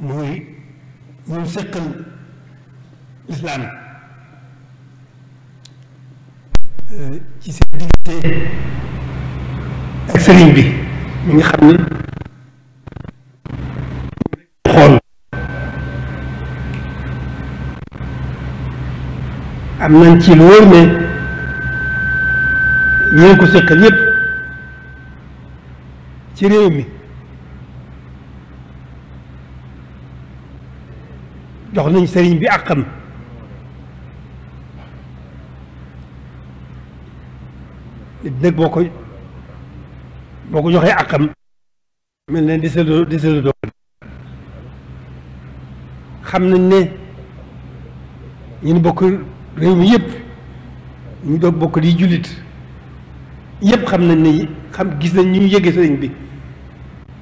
mu ñun seqal lislaam ci seen diggante ak sëriñ bi mu ngi xam ne am nañ ci lu wóor ne ñeen ko seqal yépp ci réew mi jox nañ sëriñ bi àqam nag boo ko boo ko joxee àqam mel ne di deselu doon xam nañ ne ñun bokk réew mi yëpp ñu doon bokk di jullit yëpp xam nañ ne xam gis nañ ñu yége yëgee sëriñ bi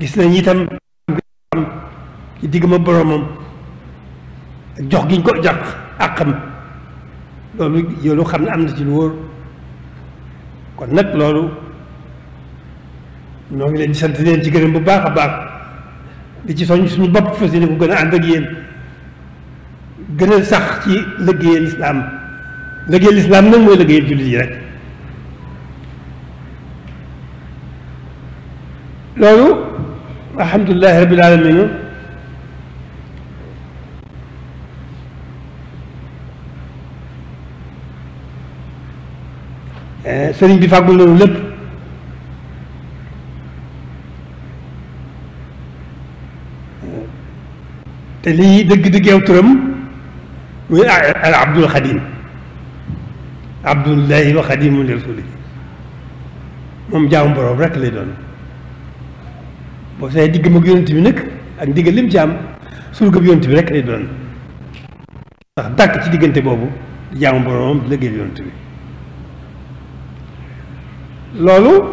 gis nañ itam ci digg ma boromam jox giñ ko jox àqam loolu yoolu xam ne am na ci lu wóor kon nag loolu ñoo ngi leen sant leen ci gërëm bu baax a baax di ci soñ suñu bopp fas gën a ànd ak gën a sax ci liggéeyal islaam liggéeyal islaam nag mooy liggéeyal jullit yi rek loolu alhamdulilahi rabbil alamin sëriñ bi fàggul loolu lépp te lii dëgg-dëggeew turam muy al abdul xadim abdullahi wa xadimu rasuli moom jaamu boroom rekk lay doon boo see digg mag yonent bi nag ak ndigal lim ci am surga bi bi rekk lay doon ndax dàkk ci diggante boobu di jaamu boroomam di liggéeyal bi loolu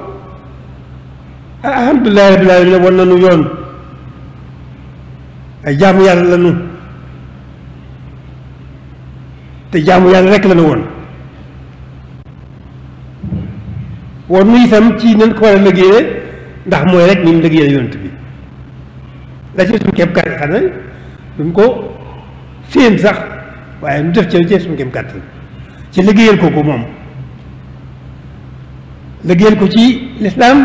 alhamdulilahi rabbil alamin wan nañu yoon ay jaamu yàlla la ñu te jaamu yàlla rek la ñu woon war nu itam ci nañ ko war a liggéeyee ndax mooy rek ni mu liggéeyee yonent bi la ci suñu kéem kàttan xam ne duñ ko séen sax waaye nu def ci ci suñu kéem kàttan ci liggéeyal kooku moom liggéeyal ko ci lislaam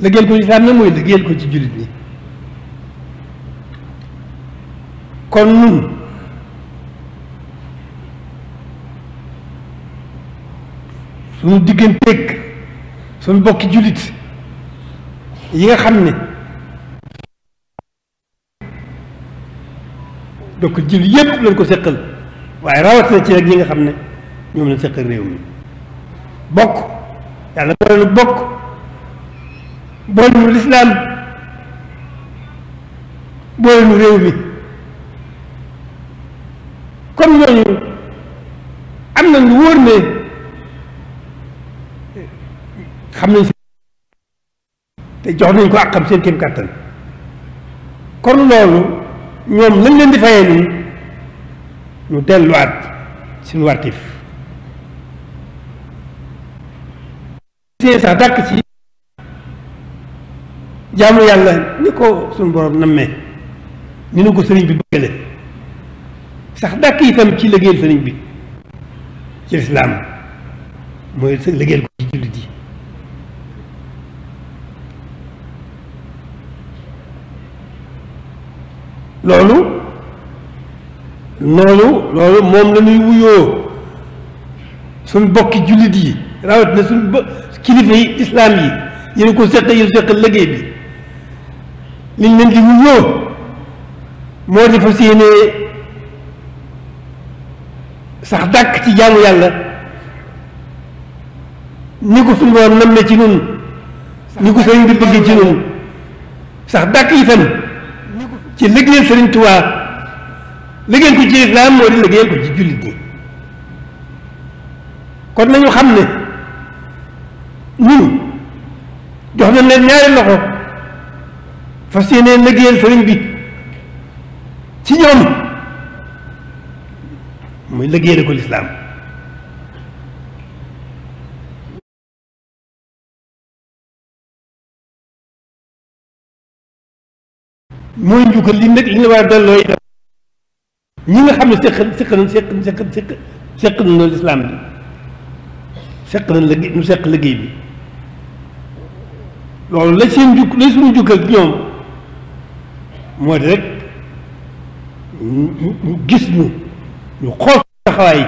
liggéeyal ko ci lislaam nag mooy liggéeyal ko ci jullit bi kon nun suñu digganteeg suñu bokki jullit yi nga xam ne donc jullit yépp lañ ko seqal waaye rawatina ci rek yi nga xam ne ñoom lañ seqal réew mi bokk yàlla boole nu bokk boole nu lislaam boole nu réew mi comme am na lu wóor ne xam nañ te jox nañ ko ak xam seen kéem kàttan kon loolu ñoom lañ leen di fayee nii ñu delluwaat suñu wartif seen sax dàkk ci jaamu yàlla ni ko suñu borom nammee ni nu ko sëriñ bi bëggale sax dàkk itam ci liggéeyal sëriñ bi ci lislaam mooy liggéeyal ko ci jullit yi loolu loolu loolu moom la wuyoo suñ bokki jullit yi rawat na suñ ba kilifa yi islaam yi yéen ko seq yéen seq liggéey bi liñ leen di wuyoo moo di fas sax dàkk ci jaamu yàlla ni ko suñu borom nam ci nun ni ko sëriñ bi bëgg ci nun sax dàkk itam ci liggéeyal sëriñ Tuubaa liggéeyal ko ci islaam moo di liggéeyal ko ci jullit ñi kon nañu xam ne ñun jox nañ leen ñaari loxo fas yéeneen liggéeyal sëriñ bi ci ñoom muy liggéeyal ko lislaam mooy njukkal li nag li ñu war a delloo itam ñi nga xam ne seq seq nañ seq seq seq seq nañ loolu lislaam bi seq nañ liggéey nu seq liggéey bi loolu la seen jukk la suñu jukk ak ñoom moo de rek ñu gis ñu ñu xool suñu taxawaay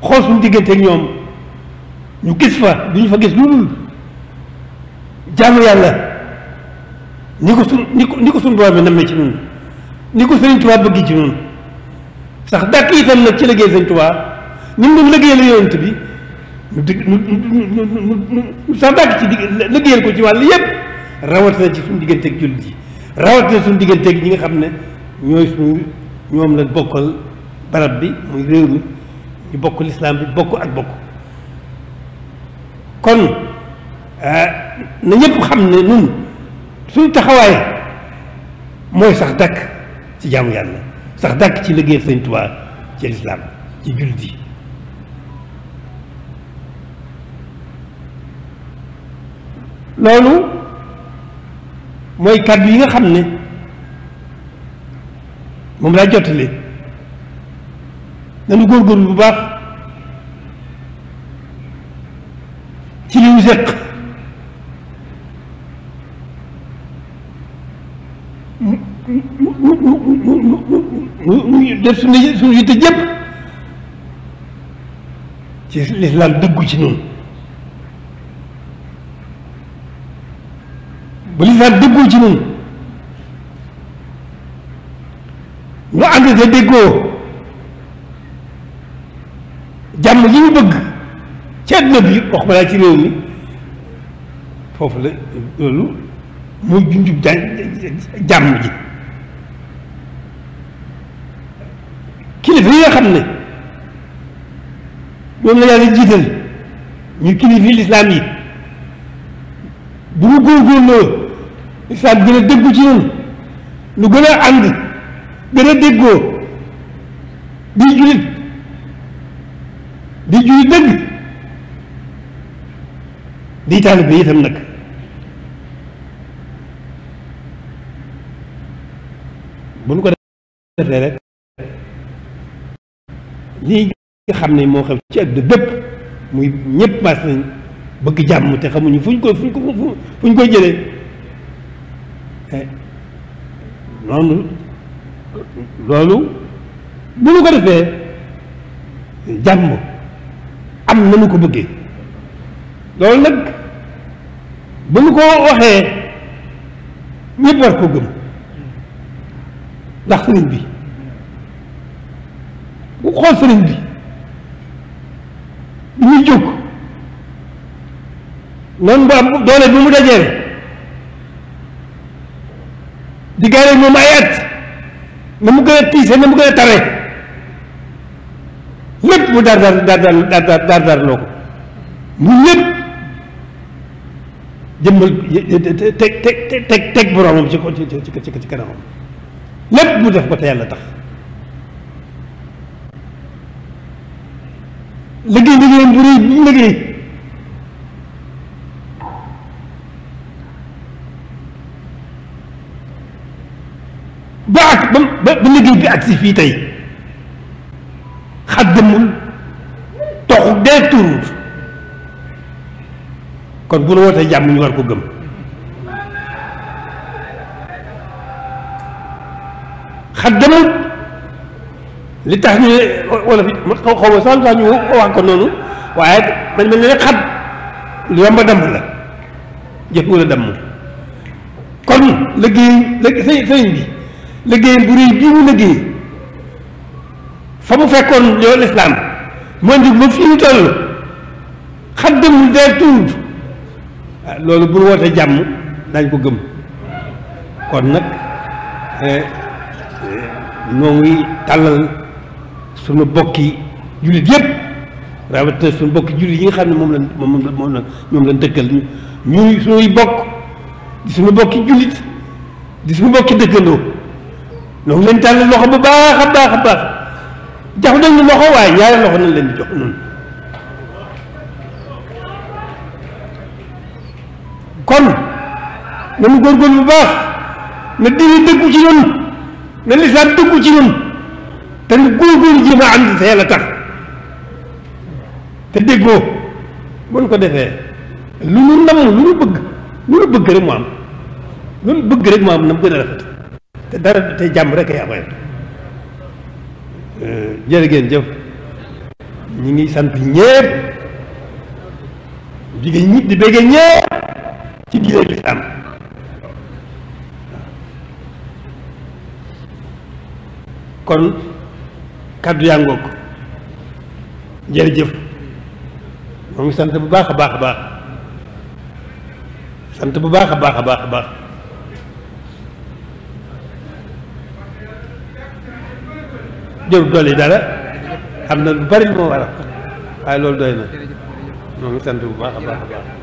xool suñu diggante ak ñoom ñu gis fa du ñu fa gis lu dul jaamu yàlla ni ko suñ ni ko ni ko suñu borom bi nammee ci ñun ni ko Sëriñ Tuubaa bëgg ci ñun sax yi itam nag ci liggéey Sëriñ Tuubaa ni mu doon liggéeyal yonent bi nu dig nu nu sax dàgg ci dig liggéeyal ko ci wàll yépp rawatina ci suñu digganteeg jullit yi rawatina suñu digganteeg ñi nga xam ne ñooy suñu ñoom la bokkal barab bi muy réew mi bokk lislaam bi bokk ak bokk kon eh, na ñëpp xam ne nun suñu taxawaay mooy sax dàkk ci jaamu yàlla sax dàkk ci liggéeyal sëñ Tuubaa ci lislaam ci jullit yi loolu mooy kàddu yi nga xam ne moom laa jottali nañu góorgóorlu bu baax ci li ñu séq def suñu suñu yitte jëpp ci lislaam dëggu ci noonu bu lislaam déggoo ci ñun ñu ànd te déggoo jàmm ji ñu bëgg ci àdduna bi wax ma laa ci réew mi foofu la loolu mooy junjub jàmm ji kilifa yi nga xam ne ñoom la yàlla jiital ñu kilifa lislaam yi bu mu góorgóorloo islam gën a déggu ci ñun lu gën a ànd gën nag bu ko defee rek lii nga xam ne moo xam ci àdduna bépp muy ñëpp maas nañ bëgg jàmm te xamuñu fuñ ko fuñ ko fuñ ko jëlee noonu eh, loolu bu ñu ko defee jàmm am nañu ko bëggee loolu nag bu ñu ko waxee ñëpp war ko gëm ndax bi ku xool sëriñ bi bi muy jóg noonu bu am bi mu dajee di gaale moom ay at na mu gën a tiise na mu gën a tare lépp mu daar daar daar daar daar loo ko mu lépp jëmmal teg teg teg teg boromam ci ko ci ci ci kanamam lépp mu def ko te yàlla tax liggéey liggéeyam bu rëy liggéey ak ba ba liggéey bi ak si fii tey xaddamul toxu dee turuut kon bu nu wootee jàmm ñu war ko gëm xaddamul li tax ñu wala fi xaw ma sax ñu wax ko noonu waaye man mel ne xat lu yomb a la jëf wala damm kon liggéey sëriñ bi liggéeyam bu réy bii mu liggéey fa mu fekkoon yow lislaam moo njëg ba fii ñu toll xaddamul dee tuut ah, loolu bu wootee jàmm dañ ko gëm kon nag eh, eh, noo ngi tàllal sunu bokki jullit yépp rawatina sunu bokki jullit yi nga xam ne moom lañ moom moom la ñoom lañ dëkkal ñuy bokk di sunu bokki jullit di sunu bokki dëkkandoo ñoo ngi leen tàllal loxo baax a baax a baax jox nañu loxo waaye ñaari loxo nañ leen di jox noonu kon nañu góorgóorlu bu baax na diine dëggu ci ñun na lislaam dëggu ci ñun te nu góorgóorlu jéem a ànd te yàlla tax ko defee lu nu nam lu nu bëgg lu nu bëgg rek mu am lu nu bëgg rek mu am na mu gën a te dara tey jàmb rek ay am jërë ngeen jëf ñu ngi sant ñépp jigéen ñi di bëggee ñépp ci diine lislaam kon kàddu yaa ngoog jërëjëf moo ngi sant bu baax a baax a baax sant bu baax a baax a baax a baax jërul dolli dara am na lu bari moo waral waaye loolu doy na moo ngi sant bu baax a baax a baax